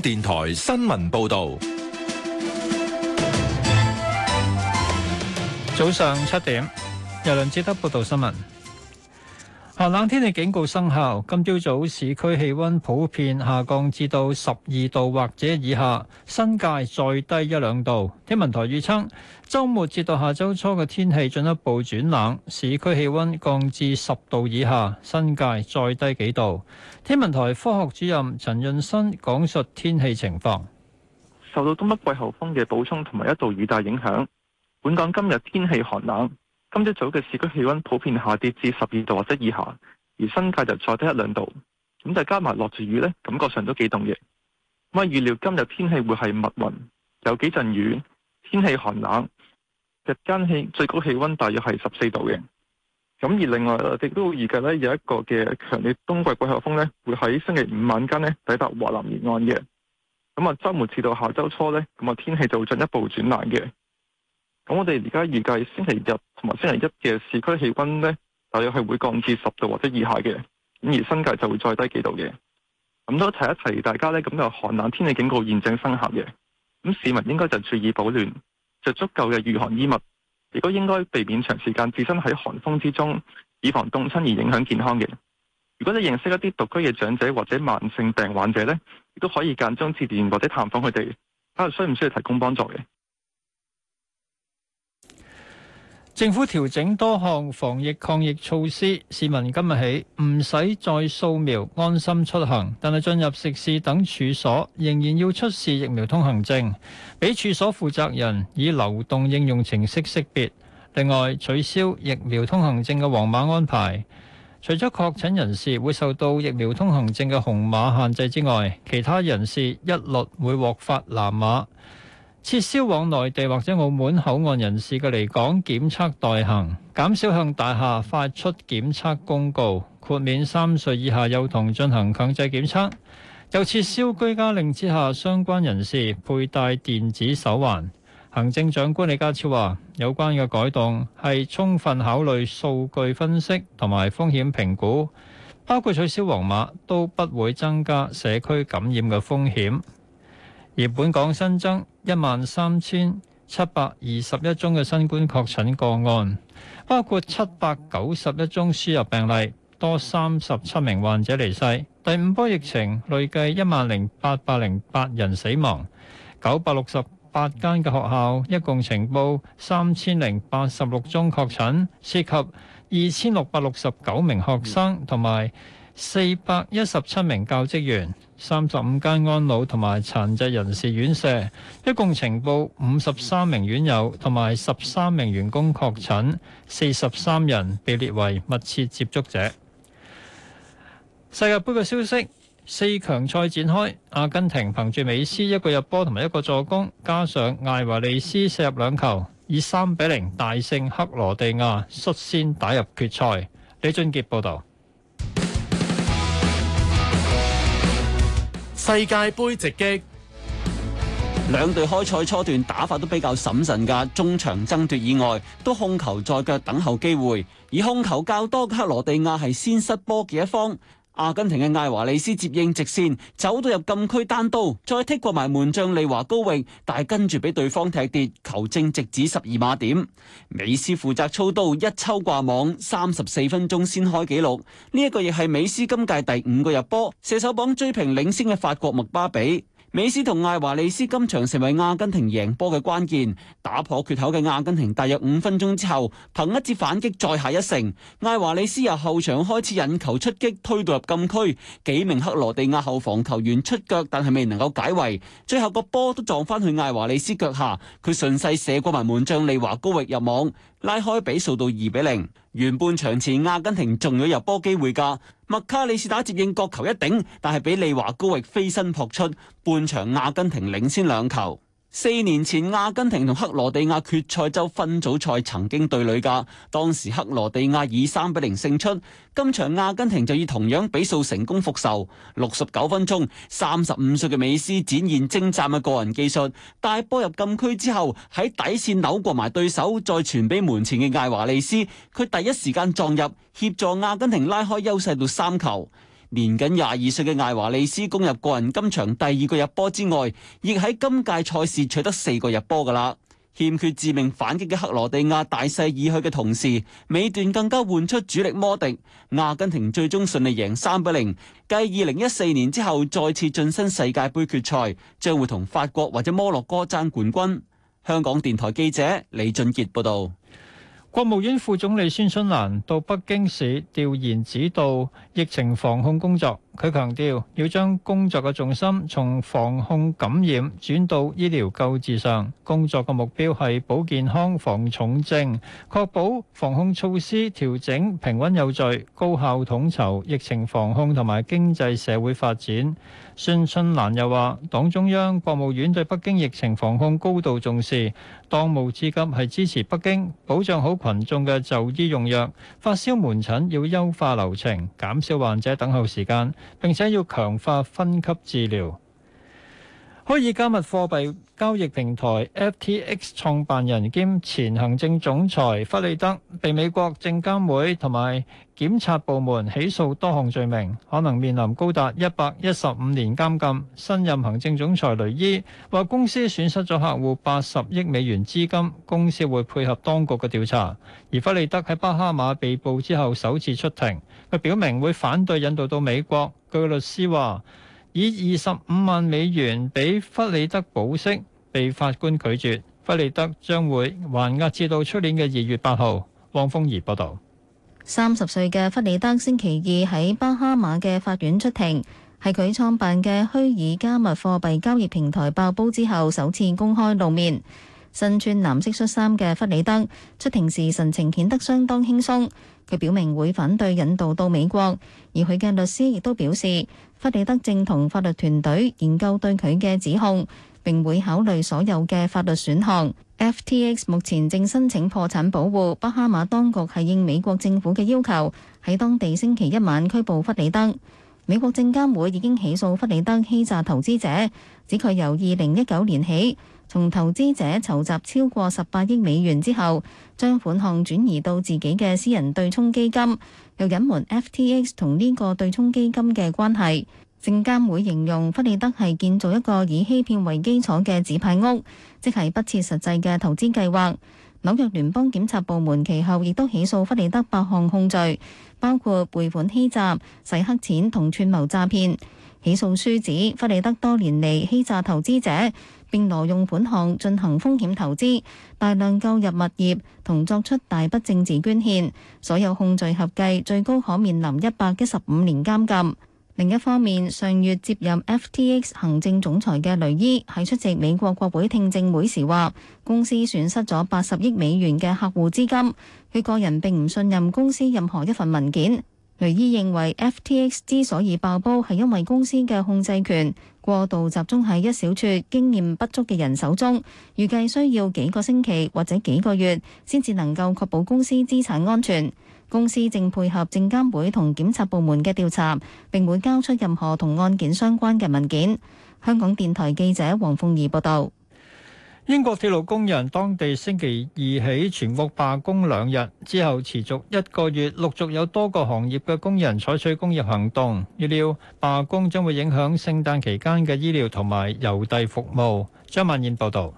電台新聞報道，早上七點，由梁智德報道新聞。寒冷天氣警告生效，今朝早市區氣温普遍下降至到十二度或者以下，新界再低一兩度。天文台預測，周末至到下周初嘅天氣進一步轉冷，市區氣温降至十度以下，新界再低幾度。天文台科學主任陳潤新講述天氣情況：受到東北季候風嘅補充同埋一道雨帶影響，本港今日天氣寒冷。今朝早嘅市區氣溫普遍下跌至十二度或者以下，而新界就再低一兩度。咁就加埋落住雨呢，感覺上都幾凍嘅。我預料今日天氣會係密雲，有幾陣雨，天氣寒冷，日間氣最高氣溫大約係十四度嘅。咁而另外，我哋都預計呢有一個嘅強烈冬季季候風呢，會喺星期五晚間呢抵達華南沿岸嘅。咁啊，周末至到下周初呢，咁啊天氣就進一步轉冷嘅。咁我哋而家預計星期日同埋星期一嘅市區氣温呢，大約係會降至十度或者以下嘅，咁而新界就會再低幾度嘅。咁都提一提大家呢，咁就寒冷天氣警告現正生效嘅。咁市民應該就注意保暖，著足夠嘅御寒衣物。亦都應該避免長時間置身喺寒風之中，以防凍親而影響健康嘅。如果你認識一啲獨居嘅長者或者慢性病患者呢，亦都可以間中致電或者探訪佢哋，睇下需唔需要提供幫助嘅。政府調整多項防疫抗疫措施，市民今日起唔使再掃描安心出行，但係進入食肆等處所仍然要出示疫苗通行證，俾處所負責人以流動應用程式識別。另外取消疫苗通行證嘅黃碼安排，除咗確診人士會受到疫苗通行證嘅紅碼限制之外，其他人士一律會獲發藍碼。撤銷往內地或者澳門口岸人士嘅離港檢測代行，減少向大廈發出檢測公告，豁免三歲以下幼童進行強制檢測，又撤銷居家令之下相關人士佩戴電子手環。行政長官李家超話：有關嘅改動係充分考慮數據分析同埋風險評估，包括取消黃碼，都不會增加社區感染嘅風險。而本港新增，一萬三千七百二十一宗嘅新冠確診個案，包括七百九十一宗輸入病例，多三十七名患者離世。第五波疫情累計一萬零八百零八人死亡，九百六十八間嘅學校一共呈報三千零八十六宗確診，涉及二千六百六十九名學生同埋。四百一十七名教職員，三十五間安老同埋殘疾人士院舍，一共呈報五十三名院友同埋十三名員工確診，四十三人被列為密切接觸者。世界盃嘅消息，四強賽展開，阿根廷憑住美斯一個入波同埋一個助攻，加上艾華利斯射入兩球，以三比零大勝克羅地亞，率先打入決賽。李俊傑報導。世界杯直擊，兩隊開賽初段打法都比較審慎㗎，中場爭奪以外都控球在腳等候機會，而控球較多嘅克羅地亞係先失波嘅一方。阿根廷嘅艾華里斯接應直線走到入禁區單刀，再踢過埋門將利華高域，但係跟住俾對方踢跌，球證直指十二碼點。美斯負責操，操刀一抽掛網，三十四分鐘先開紀錄，呢、這、一個亦係美斯今屆第五個入波，射手榜追平領先嘅法國麥巴比。美斯同艾華利斯今場成為阿根廷贏波嘅關鍵。打破缺口嘅阿根廷大約五分鐘之後，憑一次反擊再下一城。艾華利斯由後場開始引球出擊，推到入禁區，幾名克羅地亞後防球員出腳，但係未能夠解圍，最後個波都撞翻去艾華利斯腳下，佢順勢射過埋門將利華高域入網。拉開比數到二比零，完半場前阿根廷仲有入波機會噶，麥卡利斯打接應角球一頂，但係俾利華高域飛身撲出，半場阿根廷領先兩球。四年前，阿根廷同克羅地亞決賽周分組賽曾經對壘㗎，當時克羅地亞以三比零勝出。今場阿根廷就以同樣比數成功復仇。六十九分鐘，三十五歲嘅美斯展現精湛嘅個人技術，帶波入禁區之後，喺底線扭過埋對手，再傳俾門前嘅艾華利斯，佢第一時間撞入，協助阿根廷拉開優勢到三球。年僅廿二歲嘅艾華利斯攻入個人今場第二個入波之外，亦喺今屆賽事取得四個入波㗎喇。欠缺致命反擊嘅克羅地亞大勢已去嘅同時，尾段更加換出主力摩迪。阿根廷最終順利贏三比零，0, 繼二零一四年之後再次晉身世界盃決賽，將會同法國或者摩洛哥爭冠軍。香港電台記者李俊傑報道。國務院副總理孫春蘭到北京市調研指導。疫情防控工作，佢強調要將工作嘅重心從防控感染轉到醫療救治上。工作嘅目標係保健康、防重症，確保防控措施調整平穩有序、高效統籌疫情防控同埋經濟社會發展。孫春蘭又話：黨中央、國務院對北京疫情防控高度重視，當務之急係支持北京，保障好羣眾嘅就醫用藥。發燒門診要優化流程，減少患者等候時間，並且要強化分級治療。虛擬加密貨幣交易平台 FTX 創辦人兼前行政總裁弗利德被美國證監會同埋檢察部門起訴多項罪名，可能面臨高達一百一十五年監禁。新任行政總裁雷伊話：公司損失咗客戶八十億美元資金，公司會配合當局嘅調查。而弗利德喺巴哈馬被捕之後首次出庭，佢表明會反對引渡到美國。據律師話，以二十五萬美元俾弗里德保釋，被法官拒絕。弗里德將會還押至到出年嘅二月八號。汪峰儀報導。三十歲嘅弗里德星期二喺巴哈馬嘅法院出庭，係佢創辦嘅虛擬加密貨幣交易平台爆煲之後首次公開露面。身穿藍色恤衫嘅弗里德出庭時神情顯得相當輕鬆。佢表明會反對引渡到美國，而佢嘅律師亦都表示，弗里德正同法律團隊研究對佢嘅指控，並會考慮所有嘅法律選項。FTX 目前正申請破產保護。巴哈馬當局係應美國政府嘅要求，喺當地星期一晚拘捕弗，弗里德。美國證監會已經起訴弗里德欺詐投資者，指佢由二零一九年起，從投資者籌集超過十八億美元之後，將款項轉移到自己嘅私人對沖基金，又隱瞞 FTX 同呢個對沖基金嘅關係。證監會形容弗里德係建造一個以欺騙為基礎嘅紙牌屋，即係不切實際嘅投資計劃。紐約聯邦檢察部門其後亦都起訴弗里德八項控罪，包括匯款欺詐、洗黑錢同串謀詐騙。起訴書指，弗利德多年嚟欺詐投資者，並挪用款項進行風險投資，大量購入物業同作出大筆政治捐獻，所有控罪合計最高可面臨一百一十五年監禁。另一方面，上月接任 FTX 行政總裁嘅雷伊喺出席美國國會聽證會時話，公司損失咗八十億美元嘅客戶資金，佢個人並唔信任公司任何一份文件。雷伊認為，FTX 之所以爆煲，係因為公司嘅控制權過度集中喺一小撮經驗不足嘅人手中。預計需要幾個星期或者幾個月，先至能夠確保公司資產安全。公司正配合證監會同檢察部門嘅調查，並會交出任何同案件相關嘅文件。香港電台記者黃鳳儀報道。英國鐵路工人當地星期二起全國罷工兩日，之後持續一個月，陸續有多個行業嘅工人採取工業行動。預料罷工將會影響聖誕期間嘅醫療同埋郵遞服務。張曼燕報導。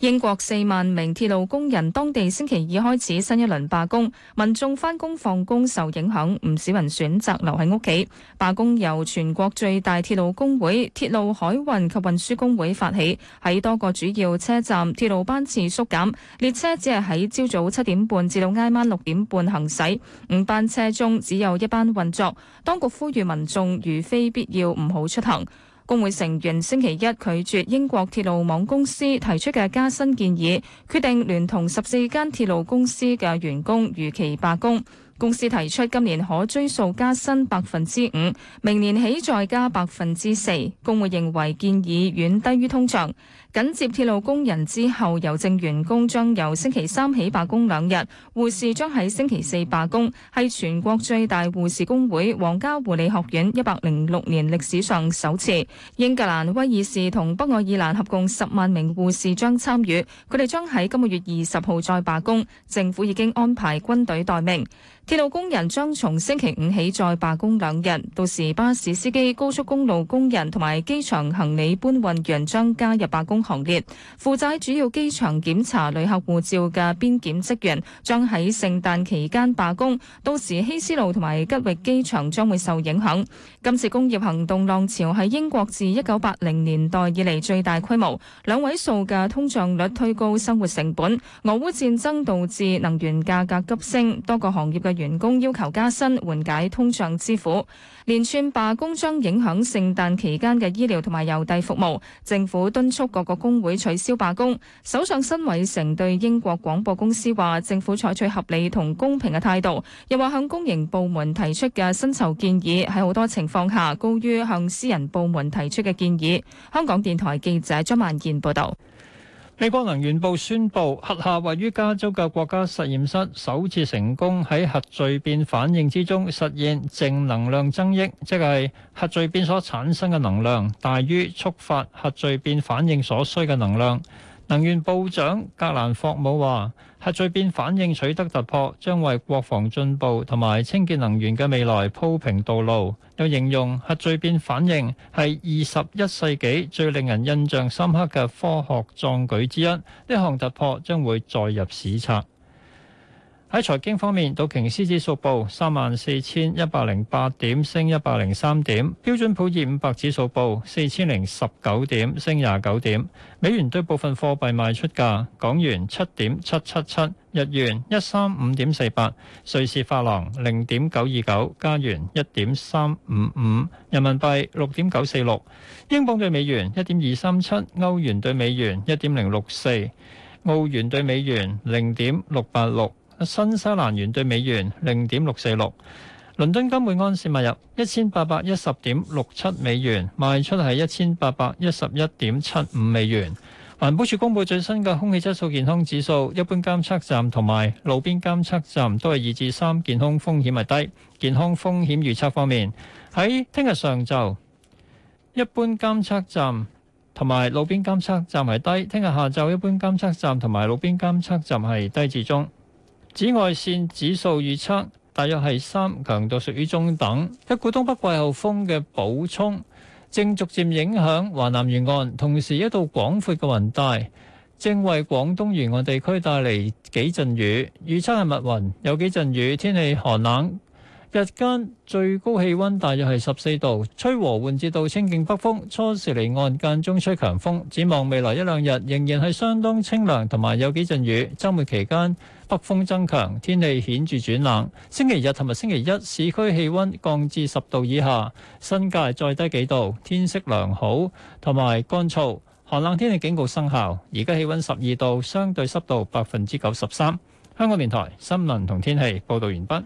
英國四萬名鐵路工人當地星期二開始新一輪罷工，民眾返工放工受影響，唔少人選擇留喺屋企。罷工由全國最大鐵路工會、鐵路海運及運輸工會發起，喺多個主要車站，鐵路班次縮減，列車只係喺朝早七點半至到挨晚六點半行駛，五班車中只有一班運作。當局呼籲民眾如非必要唔好出行。工會成員星期一拒絕英國鐵路網公司提出嘅加薪建議，決定聯同十四間鐵路公司嘅員工如期罷工。公司提出今年可追溯加薪百分之五，明年起再加百分之四。工會認為建議遠低於通脹。緊接鐵路工人之後，郵政員工將由星期三起罷工兩日，護士將喺星期四罷工，係全國最大護士工會皇家護理學院一百零六年歷史上首次。英格蘭、威爾士同北愛爾蘭合共十萬名護士將參與，佢哋將喺今個月二十號再罷工。政府已經安排軍隊待命。鐵路工人將從星期五起再罷工兩日，到時巴士司機、高速公路工人同埋機場行李搬運員將加入罷工行列。負責主要機場檢查旅客護照嘅邊檢職員將喺聖誕期間罷工，到時希斯路同埋吉域機場將會受影響。今次工業行動浪潮係英國自一九八零年代以嚟最大規模，兩位數嘅通脹率推高生活成本。俄烏戰爭導致能源價格急升，多個行業嘅員工要求加薪，緩解通脹之苦。連串罷工將影響聖誕期間嘅醫療同埋郵遞服務。政府敦促各個工會取消罷工。首相辛偉誠對英國廣播公司話，政府採取合理同公平嘅態度。又話向公營部門提出嘅薪酬建議喺好多情況下高於向私人部門提出嘅建議。香港電台記者張萬健報道。美國能源部宣布，轄下位於加州嘅國家實驗室首次成功喺核聚變反應之中實現正能量增益，即係核聚變所產生嘅能量大於觸發核聚變反應所需嘅能量。能源部長格蘭霍姆話：核聚變反應取得突破，將為國防進步同埋清潔能源嘅未來鋪平道路。又形容核聚變反應係二十一世紀最令人印象深刻嘅科學壯舉之一。呢項突破將會載入史冊。喺財經方面，道瓊斯指數報三萬四千一百零八點，升一百零三點；標準普爾五百指數報四千零十九點，升廿九點。美元對部分貨幣賣出價：港元七點七七七，日元一三五點四八，瑞士法郎零點九二九，加元一點三五五，人民幣六點九四六，英鎊對美元一點二三七，歐元對美元一點零六四，澳元對美元零點六八六。新西蘭元對美元零點六四六，倫敦金每安士買入一千八百一十點六七美元，賣出係一千八百一十一點七五美元。環保署公布最新嘅空氣質素健康指數，一般監測站同埋路邊監測站都係二至三，3，健康風險係低。健康風險預測方面，喺聽日上晝，一般監測站同埋路邊監測站係低；聽日下晝，一般監測站同埋路邊監測站係低，低至中。紫外線指數預測，大約係三，強度屬於中等。一股東北季候風嘅補充，正逐漸影響華南沿岸，同時一道廣闊嘅雲帶，正為廣東沿岸地區帶嚟幾陣雨。預測係密雲，有幾陣雨，天氣寒冷。日間最高氣溫大約係十四度，吹和緩至到清勁北風，初時離岸間中吹強風。展望未來一兩日仍然係相當清涼同埋有幾陣雨。週末期間北風增強，天氣顯著轉冷。星期日同埋星期一市區氣溫降至十度以下，新界再低幾度。天色良好同埋乾燥，寒冷天氣警告生效。而家氣溫十二度，相對濕度百分之九十三。香港電台新聞同天氣報道完畢。